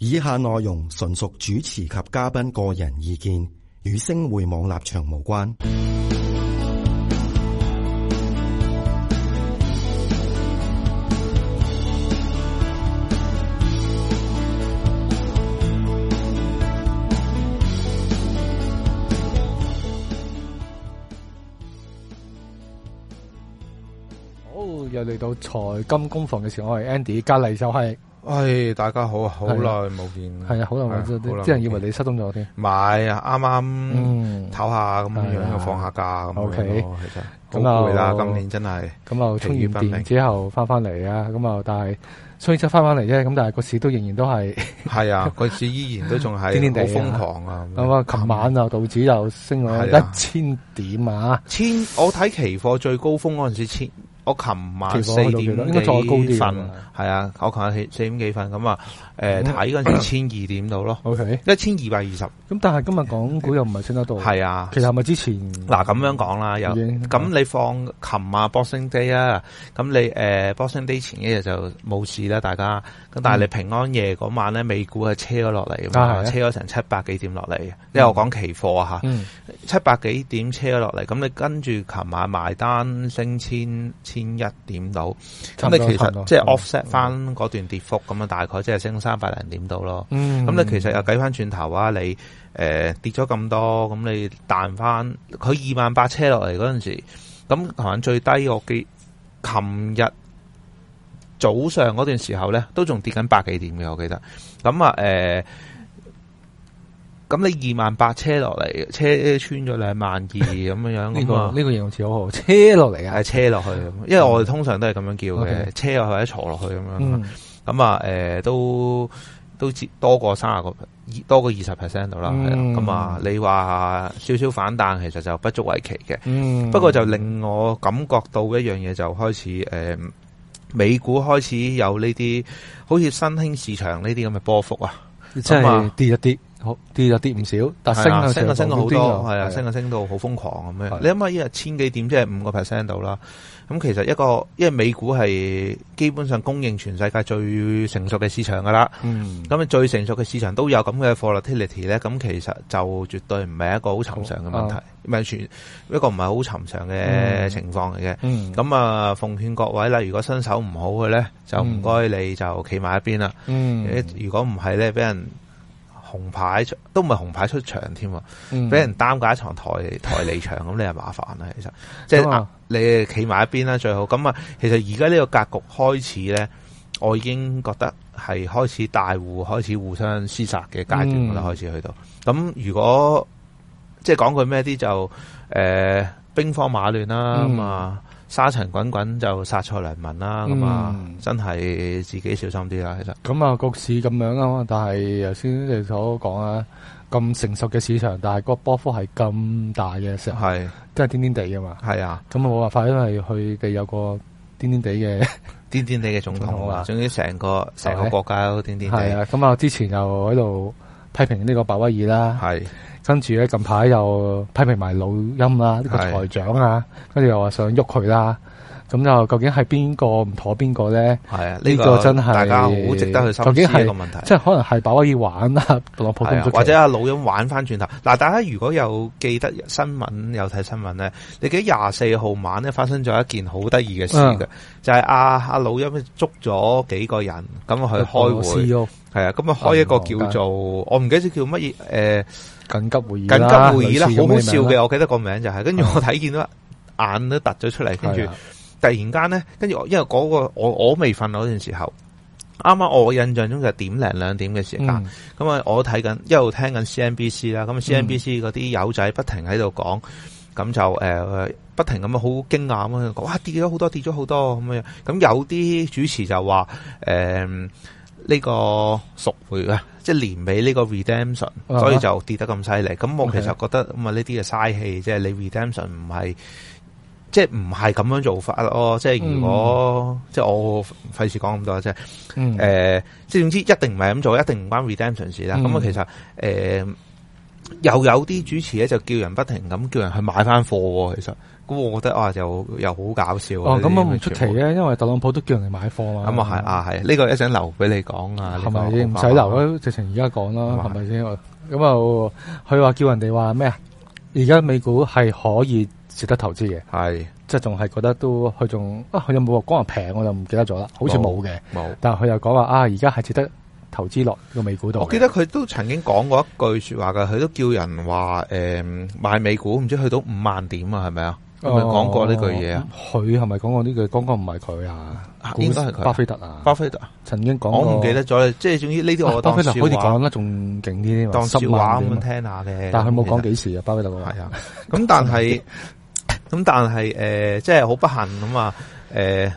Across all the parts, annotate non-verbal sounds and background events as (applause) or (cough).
以下內容純屬主持及嘉賓個人意見，與星匯網立場無關。好，又嚟到財金工房嘅時候，我係 Andy，隔籬就係、是。喂，大家好啊，好耐冇見。係啊，好耐冇見，好耐。啲人以為你失蹤咗添。唔係啊，啱啱唞下咁樣，又放下假咁樣，O K，係真，好攰啦。今年真係。咁啊，充完電之後翻翻嚟啊，咁啊，但係雖然即係翻翻嚟啫，咁但係個市都仍然都係。係啊，個市依然都仲係好瘋狂啊。咁啊，琴晚啊，道指又升咗一千點啊，千，我睇期貨最高峰嗰陣時千。我琴晚四點幾應該再高啲瞓，係、嗯、啊，我琴晚四點幾瞓咁啊。誒睇嗰陣千二點到咯，一千二百二十。咁、嗯嗯 okay、但係今日港股又唔係升得到。係啊，其實係咪之前嗱咁、啊、樣講啦？又咁、嗯、你放琴晚，Boxing Day 啊，咁、呃、你誒 Boxing Day 前一日就冇事啦，大家。咁但係你平安夜嗰晚咧，美股係車咗落嚟，嗯、車咗成七百幾點落嚟。嗯、因為我講期貨嚇，七百幾點車咗落嚟，咁你跟住琴晚埋單升千。千一點到，咁你其實即係 offset 翻嗰段跌幅，咁啊，大概即係升三百零點到咯。咁、嗯嗯、你其實又計翻轉頭啊，你誒、呃、跌咗咁多，咁你彈翻佢二萬八車落嚟嗰陣時，咁琴晚最低我記，琴日早上嗰段時候咧，都仲跌緊百幾點嘅，我記得。咁啊、呃咁你二萬八車落嚟，車穿咗兩萬二咁樣樣，呢個呢個形容詞好好。車落嚟啊，係車落去，因為我哋通常都係咁樣叫嘅，車落去或者坐落去咁樣。咁啊，誒都都接多過三十個，多過二十 percent 度啦。係啊，咁啊，你話少少反彈，其實就不足為奇嘅。嗯，不過就令我感覺到一樣嘢，就開始誒，美股開始有呢啲好似新興市場呢啲咁嘅波幅啊，即係跌一啲。好跌就跌唔少，但升升升到好多，係啊升升到好瘋狂咁樣。你諗下一日千幾點，即係五個 percent 度啦。咁其實一個，因為美股係基本上供應全世界最成熟嘅市場噶啦。咁最成熟嘅市場都有咁嘅 volatility 咧，咁其實就絕對唔係一個好尋常嘅問題，唔係全一個唔係好尋常嘅情況嚟嘅。咁啊，奉勸各位啦，如果新手唔好嘅咧，就唔該你就企埋一邊啦。如果唔係咧，俾人。紅牌出都唔係紅牌出場添喎，俾、嗯、人擔架一場台台離場咁，你係麻煩啦。其實即係、啊、你企埋一邊啦，最好咁啊！其實而家呢個格局開始咧，我已經覺得係開始大戶開始互相廝殺嘅階段啦，嗯、我開始去到咁。如果即係講句咩啲就誒、是呃、兵荒馬亂啦、嗯啊沙塵滾滾就殺錯良民啦、嗯，真係自己小心啲啦。其實咁啊，局、嗯、市咁樣嘛？但係頭先你所講呀，咁成熟嘅市場，但係個波幅係咁大嘅時候，係真係顛顛地嘅嘛。係呀。咁冇辦法，因為佢哋有個顛顛地嘅、顛顛地嘅總統啊，總之成個成個國家都顛顛。係啊，咁我之前又喺度，嗯嗯嗯批評呢個鮑威爾啦，係，是跟住咧近排又批評埋老音啦，呢、這個財長啊，是跟住又話想喐佢啦。咁就究竟係邊個唔妥邊個咧？係啊，呢個真係大家好值得去深究嘅問題。即係可能係把可以玩啦，普通或者阿老友玩翻轉頭。嗱，大家如果有記得新聞，有睇新聞咧，你記得廿四號晚咧發生咗一件好得意嘅事嘅，就係阿阿老友捉咗幾個人咁去開會，係啊，咁啊開一個叫做我唔記得叫乜嘢誒緊急會議，緊急會議啦，好好笑嘅。我記得個名就係，跟住我睇見到眼都突咗出嚟，跟住。突然間咧，跟住因為嗰、嗰個我我未瞓嗰陣時候，啱啱我印象中就係點零兩點嘅時間，咁啊、嗯、我睇緊一路聽緊 CNBC 啦，咁 CNBC 嗰啲友仔不停喺度講，咁、嗯、就誒、呃、不停咁啊好驚訝咁樣講，哇跌咗好多跌咗好多咁樣，咁有啲主持就話誒呢個贖回啊，即係年尾呢個 redemption，所以就跌得咁犀利。咁、啊、哈我其實覺得咁啊呢啲嘅嘥氣，即係你 redemption 唔係。即係唔係咁樣做法咯，即係如果、嗯、即係我費事講咁多即係，誒、嗯，即係、呃、總之一定唔係咁做，一定唔關 redemption 事啦。咁啊、嗯，其實誒、呃、又有啲主持咧就叫人不停咁叫人去買翻貨，其實咁我覺得啊又又好搞笑。咁啊唔出奇呢？因為特朗普都叫人去買貨、嗯、啊。咁啊係啊係，呢、呢個一陣留俾你講啊，係咪先？唔使留啦，直情而家講啦，係咪先？咁啊，佢話叫人哋話咩啊？而家美股係可以。值得投資嘅係，即係仲係覺得都佢仲啊，佢有冇話講話平我就唔記得咗啦，好似冇嘅，冇。但係佢又講話啊，而家係值得投資落個美股度。我記得佢都曾經講過一句說話嘅，佢都叫人話誒買美股，唔知去到五萬點啊，係咪啊？唔係講過呢句嘢啊？佢係咪講過呢句？剛剛唔係佢啊，應該係巴菲特啊。巴菲特曾經講，我唔記得咗啦，即係總之呢啲我。巴菲特好似講得仲勁啲，當笑話咁樣聽下嘅。但係佢冇講幾時啊？巴菲特係啊，咁但係。咁但係誒、呃，即係好不幸咁啊！誒、呃，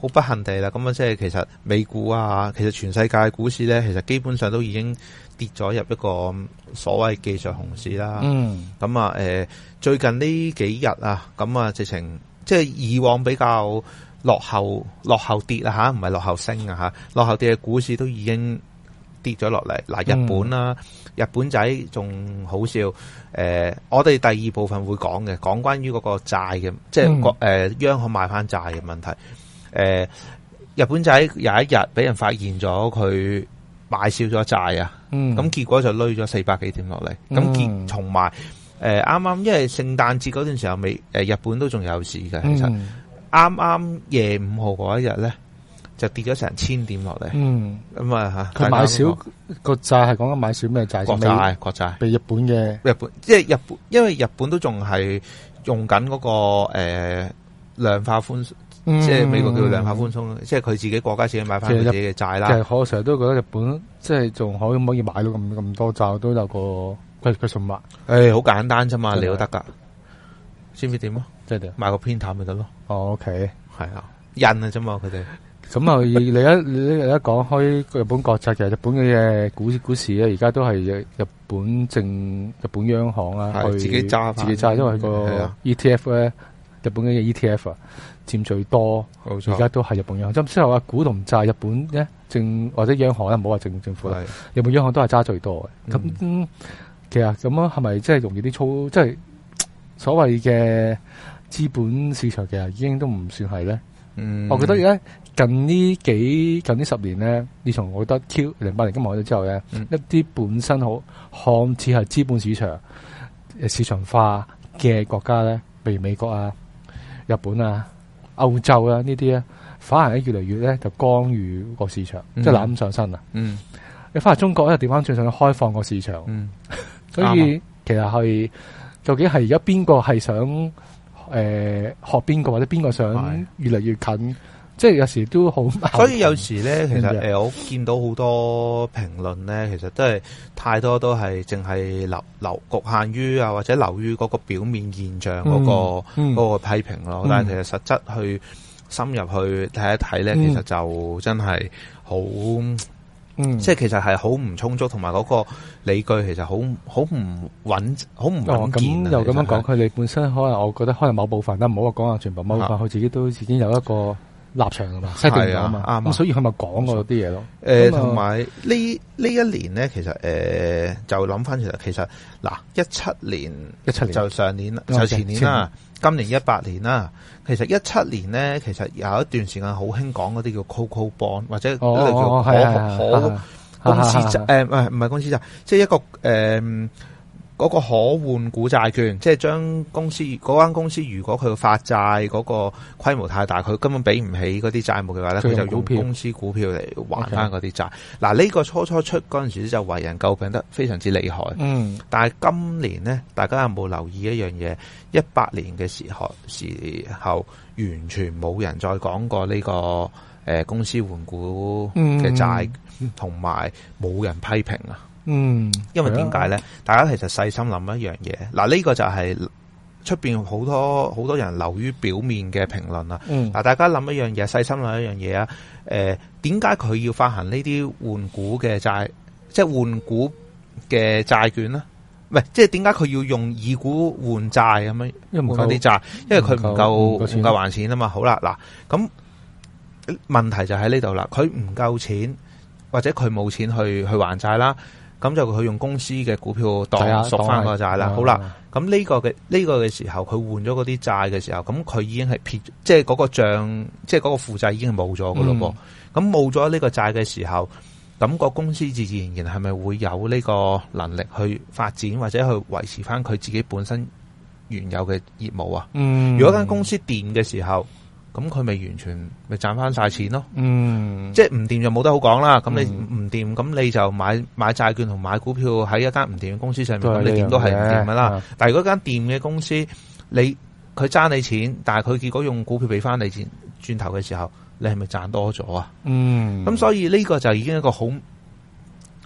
好不幸地啦，咁啊，即係其實美股啊，其實全世界股市咧，其實基本上都已經跌咗入一個所謂技術熊市啦。嗯。咁啊，誒、呃，最近呢幾日啊，咁啊，直情即係以往比較落後落後跌啊吓，唔係落後升啊吓，落後跌嘅股市都已經，跌咗落嚟嗱，日本啦、啊，嗯、日本仔仲好笑。誒、呃，我哋第二部分會講嘅，講關於嗰個債嘅，即係誒、嗯呃、央行賣翻債嘅問題。誒、呃，日本仔有一日俾人發現咗佢賣少咗債啊，咁、嗯、結果就累咗四百幾點落嚟。咁、嗯、結，同埋誒啱啱，因為聖誕節嗰段時候未，誒日本都仲有事嘅。其實啱啱、嗯、夜五號嗰一日咧。就跌咗成千點落嚟。嗯，咁啊吓，佢買少個債係講緊買少咩債？國債，國債，被日本嘅日本，即係日本，因為日本都仲係用緊嗰個誒量化寬鬆，即係美國叫量化寬鬆，即係佢自己國家自己買翻自己嘅債啦。我成日都覺得日本即係仲可唔可以買到咁咁多債都有個佢佢籌碼。誒，好簡單啫嘛，你都得噶，知唔知點咯？即係點，買個偏淡咪得咯。OK，係啊，印啊啫嘛，佢哋。咁啊！你一你一講開日本國債嘅，其實日本嘅股股市咧，而家都係日本政、日本央行啊，自己揸，自己揸，因為個 ETF 咧，日本嘅 ETF 啊，佔最多，而家都係日本央行。咁之後啊，股同債日本咧，政或者央行啊，唔好話政政府啦，日本央行都係揸最多嘅。咁的、嗯、其實咁樣係咪即係容易啲操？即係所謂嘅資本市場其實，已經都唔算係咧。嗯，我覺得而家。近呢幾近呢十年咧，你從我覺得 Q 零八年金賣咗之後咧，嗯、一啲本身好看似係資本市場市場化嘅國家咧，譬如美國啊、日本啊、歐洲啊呢啲咧，反而咧越嚟越咧就干預個市場，即係攬上身啊。嗯，你翻嚟中國咧，調翻最想開放個市場，嗯、 (laughs) 所以其實係究竟係而家邊個係想誒、呃、學邊個，或者邊個想越嚟越近？嗯越即係有時都好，所以有時咧，其實誒、嗯呃，我見到好多評論咧，其實都係太多都是是，都係淨係留留局限於啊，或者留於嗰個表面現象嗰、嗯嗰個嗰、嗰個批評咯。嗯、但係其實實質去深入去睇一睇咧，嗯、其實就真係好，嗯、即係其實係好唔充足，同埋嗰個理據其實好好唔穩，好唔穩健咁又咁樣講，佢哋本身可能，我覺得可能某部分，但唔好話講下全部某部分，佢是自己都自己有一個。立場啊嘛，係啊，啱。咁所以佢咪講嗰啲嘢咯。誒，同埋呢呢一年咧，其實誒就諗翻其實，其實嗱，一七年一七年就上年就前年啦，今年一八年啦。其實一七年咧，其實有一段時間好興講嗰啲叫 CoCo Bond 或者呢度叫可可公司債誒，唔係公司債，即係一個誒。嗰個可換股債券，即係將公司嗰間公司，如果佢發債嗰個規模太大，佢根本俾唔起嗰啲債務嘅話咧，佢就用公司股票嚟還翻嗰啲債。嗱，呢 Okay. 個初初出嗰陣時候就為人詬病得非常之厲害。嗯，但係今年呢，大家有冇留意一樣嘢？一八年嘅時候時候，完全冇人再講過呢、呢個誒、呃、公司換股嘅債，同埋冇人批評啊。嗯，因為點解咧？啊、大家其實細心諗一樣嘢，嗱、這、呢個就係出邊好多好多人流於表面嘅評論啦。嗱、嗯，大家諗一樣嘢，細心諗一樣嘢啊。誒、呃，點解佢要發行呢啲換股嘅債？即係換股嘅債券啦。唔係，即係點解佢要用以股換債咁樣？因為冇咁多啲債，唔夠，因為佢唔夠唔夠還錢啊嘛。好啦，嗱咁問題就喺呢度啦。佢唔夠錢，或者佢冇錢去去還債啦。咁就佢用公司嘅股票當贖翻個債啦。好啦，咁呢的個嘅呢個嘅時候，佢換咗嗰啲債嘅時候，咁佢已經係撇，即係嗰個賬，即係嗰個負債已經係冇咗噶咯噃。咁冇咗呢個債嘅時候，咁個公司自自然然係咪會有呢個能力去發展或者去維持翻佢自己本身原有嘅業務啊？嗯，如果間公司跌嘅時候。咁佢咪完全咪賺翻晒錢咯？嗯，即係唔掂就冇得好講啦。咁你唔掂，咁你就買買債券同買股票喺一間唔掂嘅公司上面，咁、嗯、你掂都係唔掂噶啦。嗯、但係如果間掂嘅公司，你佢爭你錢，但係佢結果用股票俾翻你錢轉頭嘅時候，你係咪賺多咗啊？嗯，咁所以呢個就已經一個好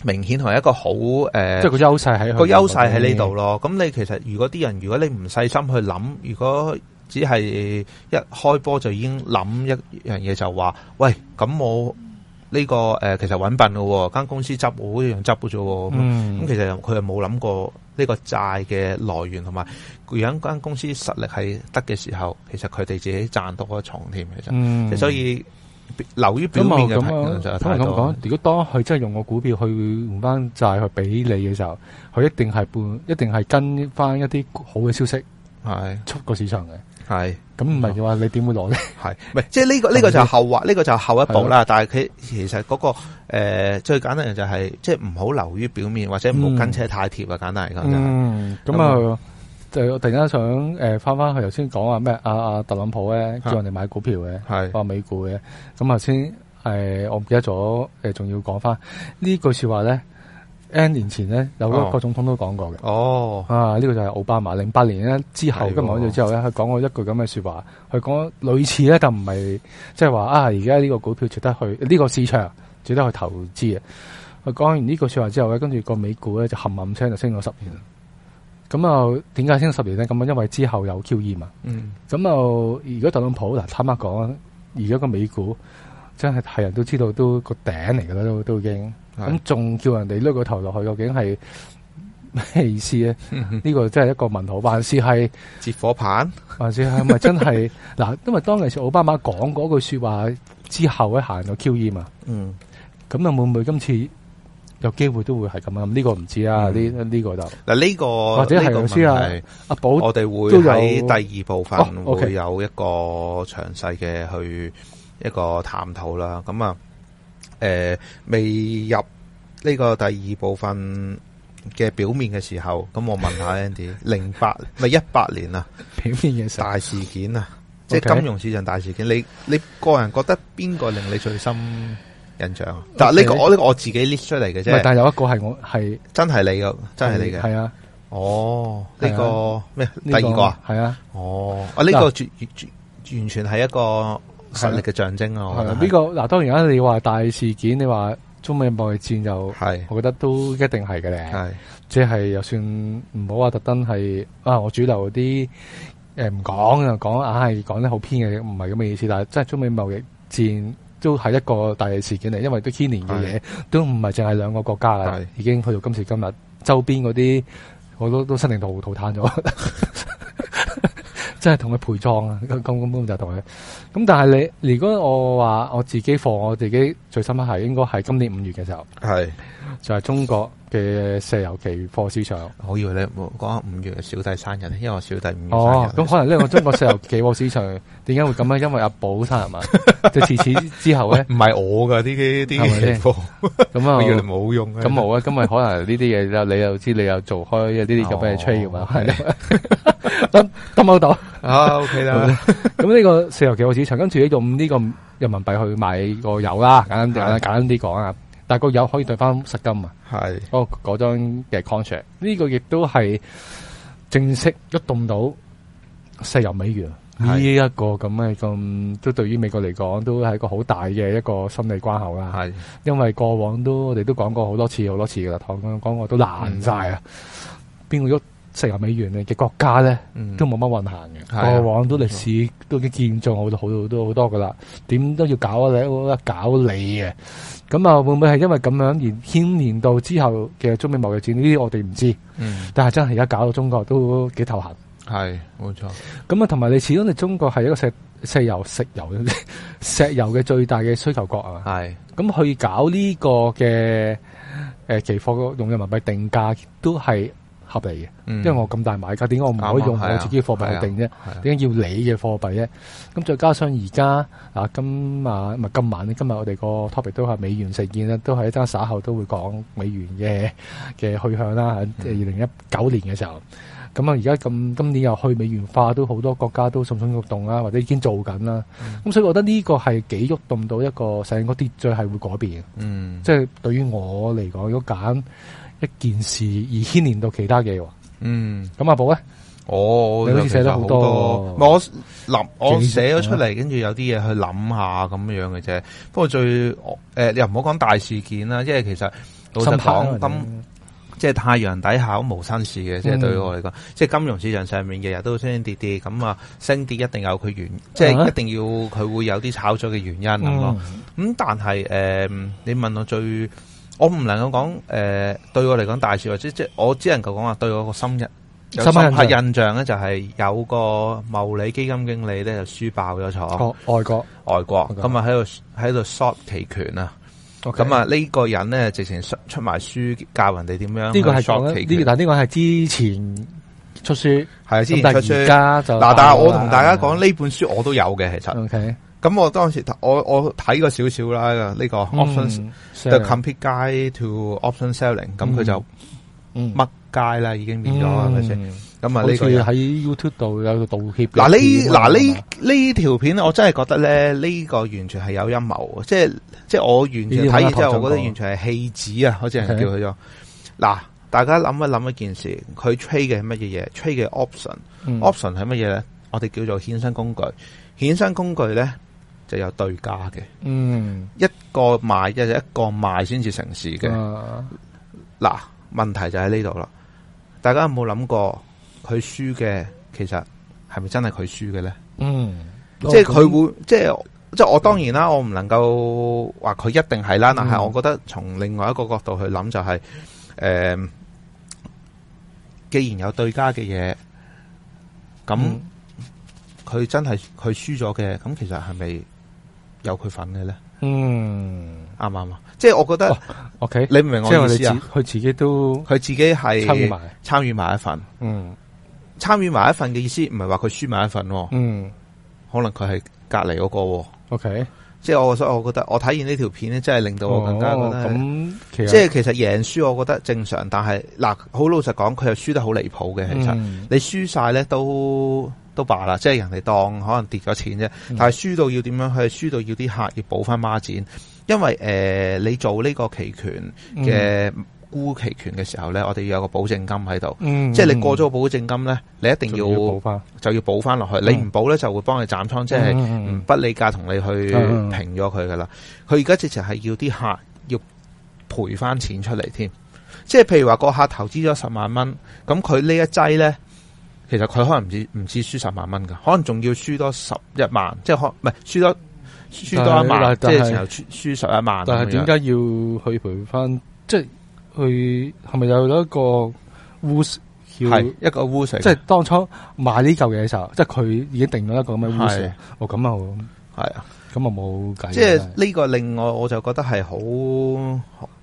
明顯同一個好誒，呃、即係個優勢喺個優勢喺呢度咯。咁你其實如果啲人如果你唔細心去諗，如果。只係一開波就已經諗一樣嘢，就話：喂，咁我呢、個、呃、其實穩笨喎，間公司執好一樣執咗喎。嗯」咁、嗯、其實佢又冇諗過呢個債嘅來源，同埋如果間公司實力係得嘅時候，其實佢哋自己賺到個重添。其實，所以留於表面就、嗯嗯、太多。咁講，如果當佢真係用個股票去換翻債去俾你嘅時候，佢一定係半，一定係跟翻一啲好嘅消息係，出個市場嘅。係，咁唔係嘅話你，你點會攞咧？係、這個，係即係呢個呢個就後話，呢、這個就後一步啦。是的 但係佢其實嗰、那個誒、呃、最簡單嘅就係，即係唔好流於表面，或者唔好跟車太貼、嗯呃、啊。簡單嚟講就咁啊，就突然間想誒翻翻去頭先講啊咩啊啊特朗普咧叫人哋買股票嘅，係話是的 美股嘅。咁頭先誒我唔記得咗，誒、呃、仲要講翻呢句說話咧。N 年前咧，有嗰個總統都講過嘅。哦，啊，呢個就係奧巴馬零八年咧之後，跟講咗之後咧，佢講過一句咁嘅說話，佢講類似咧，就唔係即係話啊，而家呢個股票值得去，呢、呢個市場值得去投資啊。佢講完呢個說話之後咧，跟住個美股咧就冚冚聲就升咗十年。咁啊、mm.，點解升咗十年咧？咁啊，因為之後有 QE 嘛。嗯。咁啊，如果特朗普嗱，坦白講，而家個美股真係係人都知道都個頂嚟噶啦，都都，都已經。咁仲、嗯、叫人哋擸個頭落去，究竟係咩意思咧？呢、嗯、哼個真係一個問號，還是係接火棒，還是係咪真係？嗱， (laughs) 因為當其時奧巴馬講嗰句說話之後咧，一行咗 QE 嘛。嗯，咁又會唔會今次有機會都會係咁、這個、啊？呢、嗯這個唔知呀，呢呢、這個就嗱呢個或者係阿寶，啊、我哋會有第二部分會有一個詳細嘅去、哦 okay、一個探討啦。咁啊。誒，未入呢個第二部分嘅表面嘅時候，咁我問下 Andy，零八咪一八年啦，表面嘅大事件啊，即係金融市場大事件。你你個人覺得邊個令你最深印象啊？但係呢個我呢個我自己 list 出嚟嘅啫。但係有一個係我係真係你嘅，真係你嘅。係啊，哦，呢個咩？第二個啊，係啊，哦，啊呢個絕完全係一個。實力嘅象徵咯，係啦的，呢個嗱，當然啦，你話大事件，你話中美貿易戰就，係的，我覺得都一定係嘅咧，係的，即係又算唔好話特登係啊，我主流啲誒唔講就講，唉、呃，講得好偏嘅嘢，唔係咁嘅意思，但係即係中美貿易戰都係一個大事件嚟，因為都牽連嘅嘢，是的都唔係淨係兩個國家啦，的已經去到今時今日，周邊嗰啲我都都失靈到淘攤咗。的 (laughs) 真係同佢陪葬啊！咁咁咁就同佢。咁但係你，如果我話我自己放我自己最深刻係，應該係今年五月嘅時候。係。就係中國嘅石油期貨市場，我以為你講五月小弟生日，因為我小弟五月生日。哦，咁可能呢個中國石油期貨市場點解會咁咧？因為阿寶生日嘛，就自此之後咧，唔係我噶啲啲期貨，咁啊，我以為冇用，咁冇啊。今日可能呢啲嘢，你又知你又做開有呢啲咁嘅 trade 係得得冇到啊？OK 啦。咁呢個石油期貨市場，跟住用呢個人民幣去買個油啦，簡單啲講啊。但個油可以兌翻實金啊！係，嗰嗰張嘅 contract，呢個亦都係正式喐動到石油美元呢一個咁嘅咁，都對於美國嚟講都係一個好大嘅一個心理關口啦。係，因為過往都我哋都講過好多次好多次噶啦，講講講我都爛曬啊！邊個喐？石油美元咧嘅國家咧，都冇乜運行嘅。嗯啊、過往都歷史錯都已經見證好多好多好多好多嘅啦。點都要搞，你搞你啊！你一搞你嘅，咁啊會唔會係因為咁樣而牽連到之後嘅中美貿易戰呢啲？這些我哋唔知。嗯、但係真係而家搞到中國都幾頭痕。係，冇錯。咁啊，同埋你始終你中國係一個石油石油石油嘅石油嘅最大嘅需求國係嘛？係是。咁、嗯、去搞呢個嘅誒、呃、期貨用人民幣定價都係。合理嘅，因為我咁大買家，點解我唔可以用我自己貨幣去定啫？點解、嗯啊啊啊啊、要你嘅貨幣咧？咁、嗯、再加上而家、啊今、啊、今晚唔今晚咧，今日我哋個 topic 都係美元盛宴，咧，都係一陣稍後都會講美元嘅嘅去向啦。即係二零一九年嘅時候。咁啊，而家咁今年又去美元化，都好多國家都蠢蠢欲動啦，或者已經做緊啦。咁、嗯、所以我覺得呢個係幾喐動到一個成個啲，最係會改變嗯，即係對於我嚟講，如果揀一件事而牽連到其他嘢，嗯，咁阿寶咧，哦、你好似寫咗好多，多我諗我寫咗出嚟，跟住幾乎 後有啲嘢去諗下咁樣嘅啫。不過最誒、呃，你又唔好講大事件啦，因為其實老實即係太陽底下都無新事嘅，即係對我嚟講，即係金融市場上面日日都升升跌跌，咁啊升跌一定有佢原，即係一定要佢會有啲炒作嘅原因咁咯。咁、嗯、嗎但係誒、呃，你問我最，我唔能夠講誒、呃，對我嚟講大事或者即係我只能夠講話對我個心日深刻印，印象咧，就係有個茂利基金經理咧就輸爆咗錯、哦，外國外國咁啊喺度喺度 short 期權啊！咁 Okay. 啊，呢、呢個人咧直情出出埋書教人哋點樣呢個係講呢？他但呢個係之前出書，係先。之前出書但而家就嗱，但係我同大家講呢本書我都有嘅，其實。OK，咁我當時我我睇過少少啦。呢、呢個 option、嗯、the complete guide to option selling，咁佢、嗯、就。乜界啦，已經變咗係咪先？咁啊，呢個喺 YouTube 度有個道歉。嗱，呢嗱呢呢條片，我真係覺得咧，呢個完全係有陰謀，即係即係我完全睇完之後，我覺得完全係棄子啊，好似人叫佢咗。嗱，大家諗一諗一件事，佢 trade 嘅係乜嘢嘢 trade 嘅 option，option 係乜嘢咧？我哋叫做衍生工具。衍生工具咧就有對價嘅，嗯，一個買嘅一個賣先至成事嘅，嗱。問題就喺呢度啦，大家有冇諗過佢輸嘅，其實係咪真係佢輸嘅呢？嗯，即係佢會，嗯、即係即係我當然啦，我唔能夠話佢一定係啦，嗯、但係我覺得從另外一個角度去諗就係、是，誒、呃，既然有對家嘅嘢，咁佢真係佢輸咗嘅，咁其實係咪有佢份嘅呢？嗯，啱啱啊！即係我覺得、哦、OK，你唔明我意思啊？佢自，自己都，佢自己係參與埋，參與埋一份。嗯，參與埋一份嘅意思唔係話佢輸埋一份。嗯，可能佢係隔籬嗰個。OK，即係我所，我覺得我睇完呢條片咧，真係令到我更加覺得，哦、即係其實贏輸，我覺得正常。但係嗱，好老實講，佢又輸得好離譜嘅。其實、嗯、你輸晒咧都。都罷啦，即係人哋當可能跌咗錢啫，嗯、但係輸到要點樣去，輸到要啲客要補翻孖展，因為誒、呃，你做呢個期權嘅沽、嗯、期權嘅時候咧，我哋要有個保證金喺度，嗯嗯、即係你過咗個保證金咧，你一定要，要補就要補翻落去，你唔補咧就會幫你斬倉，嗯、即係不，不理價同你去平咗佢噶啦。佢而家直情係要啲客要賠翻錢出嚟添，即係譬如話個客投資咗十萬蚊，咁佢呢一劑咧。其實佢可能唔止唔止輸十萬蚊㗎，可能仲要輸多十一萬，即係可唔係輸多輸多一萬，但是即係然後輸十一萬。但係點解要去賠翻？樣即係去係咪有一個烏是叫一個烏即係當初買呢嚿嘢嘅時候，的即係佢已經定咗一個咁嘅烏哦，咁啊的，係啊。咁啊冇計，即係呢個另外我，我就覺得係好，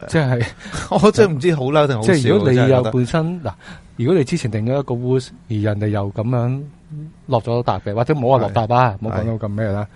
即係我真係唔知好嬲定好，即係如果你又本身嗱，如果你之前定咗一個 use 而人哋又咁樣落咗大嘅，或者唔好話落大吧，唔好講到咁咩啦，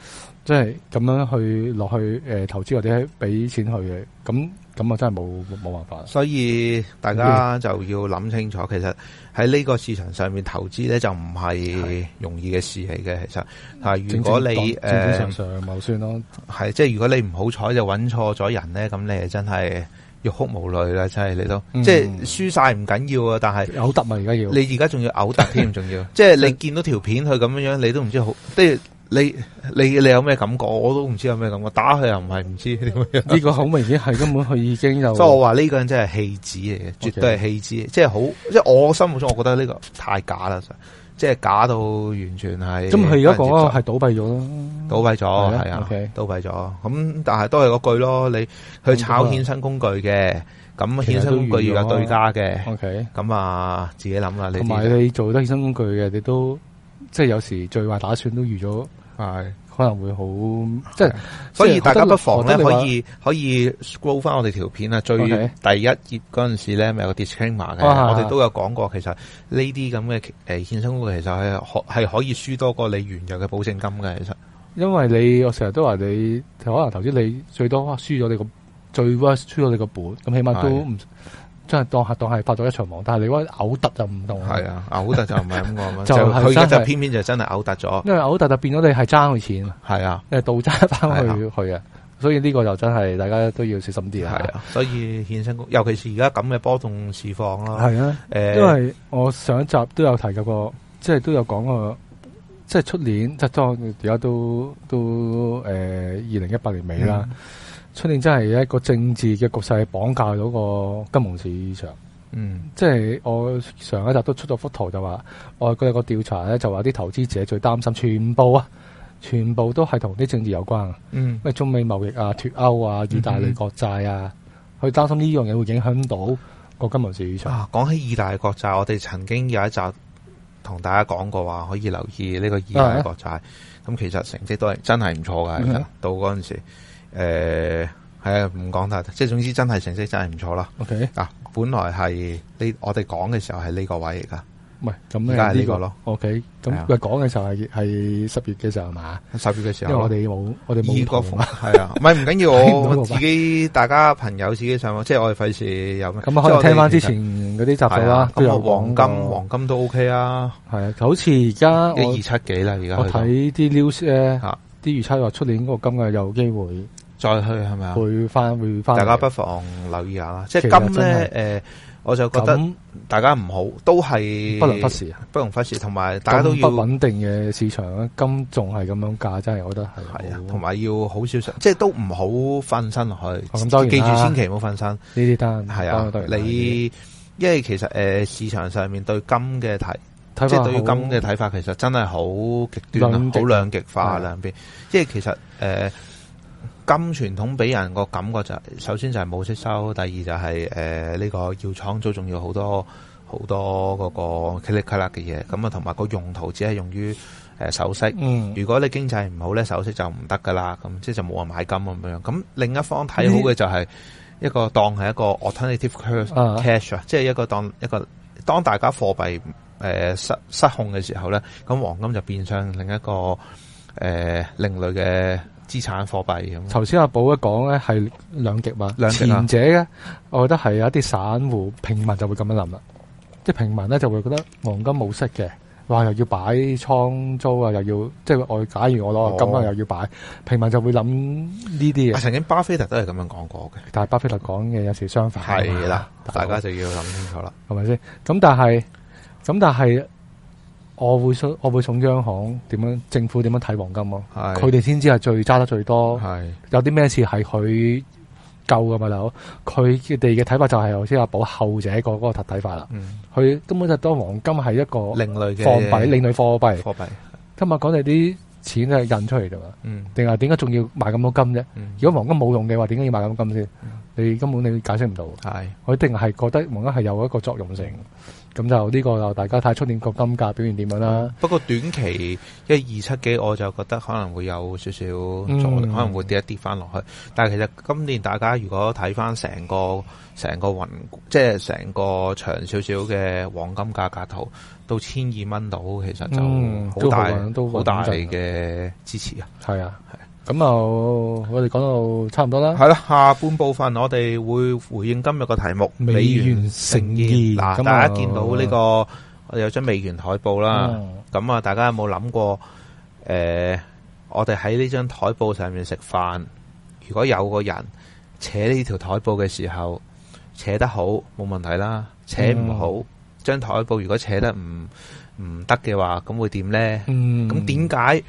即係咁樣去落去誒、呃、投資或者俾錢去嘅咁。咁啊，真係冇冇辦法。所以大家就要諗清楚，其實喺呢個市場上面投資咧，就唔係容易嘅事嚟嘅。的其實，啊、呃，如果你誒正常冇算咯，係即係如果你唔好彩就揾錯咗人咧，咁你真係欲哭無淚啦，真係你都、嗯、即係輸晒唔緊要啊，但係嘔得啊，而家 (laughs) 要你而家仲要嘔得添，仲要即係你見到條片佢咁樣樣，你都唔知好即係。你你你你有咩感覺？我都唔知有咩感覺。打佢又唔係唔知。呢個好明顯係，根本佢已經有。即係我話呢個人真係戲子嚟嘅。Okay. 絕對係戲子。即係好，即係我心目中，我覺得呢個太假啦，即係假到完全係。咁佢而家講係倒閉咗咯，倒閉咗係啊，啊 Okay. 倒閉咗。咁但係都係嗰句咯，你去炒衍生工具嘅，咁衍生工具要有對家嘅。O K，咁啊，自己諗啦。同埋你做得衍生工具嘅，你都。即係有時最壞打算都預咗，係可能會好的即係是。所以大家不妨咧，可以可以 scroll 翻我哋條片啊，Okay. 最第一頁嗰陣時咧，咪有個 Disclaimer 嘅，啊、我哋都有講過。其實呢啲咁嘅誒衍生工具，其實係可係可以輸多過你原有嘅保證金嘅。其實，因為你我成日都話你，可能頭先你最多輸咗你個最輸咗你個本，咁起碼都唔。真係當係當係發咗一場夢，但係你話嘔突就唔同。係啊，嘔突就唔係咁講。 (laughs) 就佢就偏偏就真係嘔突咗。因為嘔突就變咗你係爭佢錢。係啊，因為倒爭翻去去啊，所以呢個就真係大家都要小心啲啊。係啊，所以衍生，尤其是而家咁嘅波動市況啦。係啊，誒、欸，因為我上一集都有提及過，即係都有講過，即係出年即當而家都都誒二零一八年尾啦。嗯出年真係一個政治嘅局勢綁架咗個金融市場。嗯，即係我上一集都出咗幅圖就話，我哋有個調查咧就話啲投資者最擔心全部啊，全部都係同啲政治有關啊。嗯，咩中美貿易啊、脫歐啊、意大利國債啊，去擔、嗯、哼心呢樣嘢會影響到個金融市場。啊，講起意大利國債，我哋曾經有一集同大家講過話，可以留意呢個意大利國債。咁、嗯、哼其實成績都係真係唔錯噶，嗯、哼到嗰陣時。誒，係啊，唔講得即係總之真係成績真係唔錯啦。OK，嗱，本來係呢，我哋講嘅時候係呢個位嚟噶，唔係咁呢個咯。OK，咁佢講嘅時候係係十月嘅時候係嘛？十月嘅時候，因為我哋冇我哋冇係啊，唔係唔緊要，我自己大家朋友自己上網，即係我哋費事有咩咁可以聽翻之前嗰啲集數啦。咁啊，黃金黃金都 OK 啊，係啊，好似而家一二七幾啦，而家睇啲 news 咧，啲預測話出年嗰個金嘅有機會再去係咪啊？會返，會返，大家不妨留意下啦。即係金咧、呃，我就覺得大家唔好都係不，不，不能忽視啊，不容忽視。同埋大家都要不穩定嘅市場咧，金仲係咁樣價，真係，我覺得係啊。同埋要好小心即係都唔好瞓身落去。咁多、哦，記住千祈唔好瞓身呢啲單係啊！當然當然你些因為其實、呃、市場上面對金嘅提。即係對於金嘅睇法，其實真係好極端好兩，極兩極化的兩邊。即係其實誒、呃、金傳統俾人個感覺就係，首先就係冇息收，第二就係誒呢個要創造要，仲要好多好多嗰個乞嘅嘢。咁啊，同埋個用途只係用於首飾。呃息嗯、如果你經濟唔好咧，首飾就唔得噶啦。咁即係就冇話買金咁樣。咁另一方睇好嘅就係一個的當係一個 alternative cash 啊的，即係一個當一個當大家貨幣。誒、呃，失失控嘅時候咧，咁黃金就變相另一個誒、呃、另類嘅資產貨幣咁。頭先阿寶一講咧係兩極嘛，兩極啊、前者呢，我覺得係有一啲散戶平民就會咁樣諗啦，即係平民咧就會覺得黃金冇息嘅，話又要擺倉租啊，又要，又要即係我假如我攞金啊又要擺，哦、平民就會諗呢啲嘢。曾經巴菲特都係咁樣講過嘅，但係巴菲特講嘅有時相反係啦，的啊、大家就要諗清楚啦，係咪先？咁但係。咁但係我會送我會送央行點樣政府點樣睇黃金咯？佢哋先知係最揸得最多，有啲咩事係佢夠噶嘛？佬，佢哋嘅睇法就係好似阿寶後者個嗰個睇法啦。佢根本就當黃金係一個另類貨幣，另類貨幣。貨幣今日講你啲錢係印出嚟噶嘛？定係點解仲要買咁多金啫？如果黃金冇用嘅話，點解要買咁多金先？你根本你解釋唔到。係我一定係覺得黃金係有一個作用性。咁就呢個就大家睇出年個金價表現點樣啦。不過短期一二七幾，我就覺得可能會有少少阻力，嗯、可能會跌一跌翻落去。但其實今年大家如果睇翻成個成個雲，即係成個長少少嘅黃金價格圖到千二蚊度，其實就好大好、嗯、大嘅支持、嗯、啊！係啊，咁啊，我哋講到差唔多啦。係啦，下半部分我哋會回應今日嘅題目：美元盛宴。嗱，麼大家見到呢，這個我哋有張美元台布啦。咁啊、嗯，大家有冇諗過？誒、呃，我哋喺呢張台布上面食飯，如果有個人扯呢條台布嘅時候，扯得好冇問題啦。扯唔好，張、嗯、台布如果扯得唔唔得嘅話，咁會點呢？咁點解？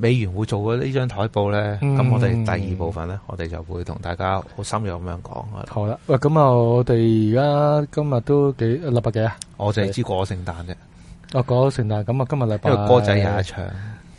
美元會做嘅呢張台布咧，咁、嗯、我哋第二部分咧，我哋就會同大家好深入咁樣講。好啦，喂，咁啊，我哋而家今日都幾禮拜幾啊？我就係知道過聖誕啫。啊、哦，過聖誕，咁啊，今日禮拜因為歌仔有一場。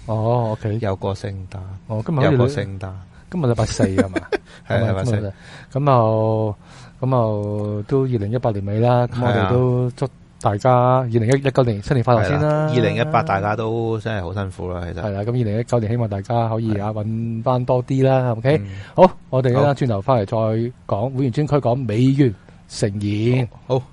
哦，OK。有過聖誕，哦，今日有過聖誕。今日禮拜四啊嘛，係禮拜四。咁啊，咁啊，都二零一八年尾啦。咁我哋都祝。大家二零一一九年新年快樂先啦，二零一八大家都真係好辛苦啦，其實係啦。咁二零一九年希望大家可以啊搵翻多啲啦，OK，好，我哋一陣轉頭翻嚟再講，會員專區講美元盛宴好，好。